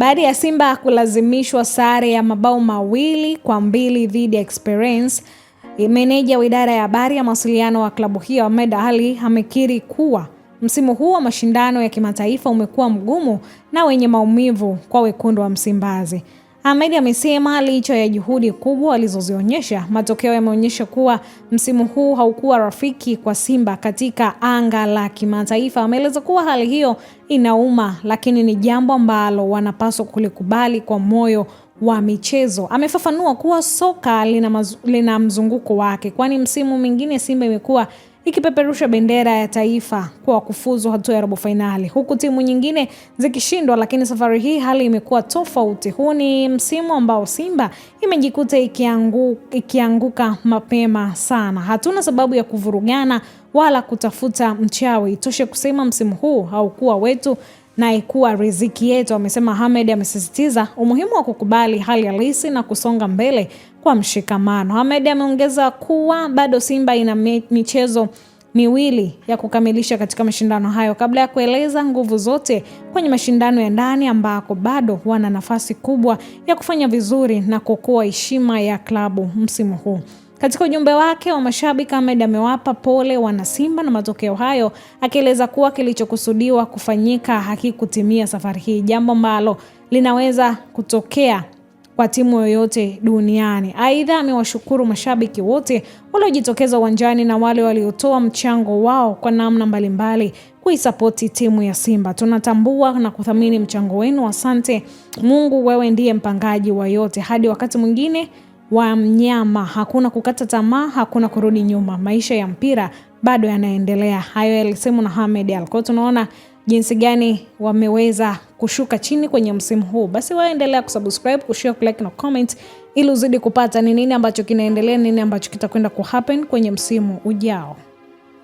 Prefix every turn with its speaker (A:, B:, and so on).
A: baada ya Simba kulazimishwa sare ya mabao mawili kwa mbili dhidi ya Experience, Meneja wa idara ya habari ya mawasiliano wa klabu hiyo Ahmed Ali amekiri kuwa msimu huu wa mashindano ya kimataifa umekuwa mgumu na wenye maumivu kwa wekundu wa Msimbazi. Ahmed amesema licha ya juhudi kubwa alizozionyesha, matokeo yameonyesha kuwa msimu huu haukuwa rafiki kwa Simba katika anga la kimataifa. Ameeleza kuwa hali hiyo inauma, lakini ni jambo ambalo wanapaswa kulikubali kwa moyo wa michezo. Amefafanua kuwa soka lina, lina mzunguko wake, kwani msimu mwingine Simba imekuwa ikipeperusha bendera ya taifa kwa kufuzu hatua ya robo fainali, huku timu nyingine zikishindwa. Lakini safari hii hali imekuwa tofauti. Huu ni msimu ambao Simba imejikuta ikiangu, ikianguka mapema sana. Hatuna sababu ya kuvurugana wala kutafuta mchawi. itoshe kusema msimu huu haukuwa wetu naye kuwa riziki yetu, amesema Hamed. Amesisitiza umuhimu wa kukubali hali halisi na kusonga mbele kwa mshikamano. Hamed ameongeza kuwa bado Simba ina michezo miwili ya kukamilisha katika mashindano hayo kabla ya kueleza nguvu zote kwenye mashindano ya ndani ambako bado wana nafasi kubwa ya kufanya vizuri na kuokoa heshima ya klabu msimu huu. Katika ujumbe wake wa mashabiki, Ahmed amewapa pole wanasimba na matokeo hayo, akieleza kuwa kilichokusudiwa kufanyika hakikutimia safari hii, jambo ambalo linaweza kutokea kwa timu yoyote duniani. Aidha, amewashukuru mashabiki wote waliojitokeza uwanjani na wale waliotoa mchango wao kwa namna mbalimbali kuisapoti timu ya Simba. Tunatambua na kuthamini mchango wenu, asante. Mungu, wewe ndiye mpangaji wa yote. Hadi wakati mwingine wa mnyama. Hakuna kukata tamaa, hakuna kurudi nyuma. Maisha ya mpira bado yanaendelea. Hayo yalisemwa na hamed Al. Kwao tunaona jinsi gani wameweza kushuka chini kwenye msimu huu. Basi waendelea kusubscribe, kushare, kulike na comment ili uzidi kupata ni nini ambacho kinaendelea, nini ambacho kitakwenda kuhappen kwenye msimu ujao.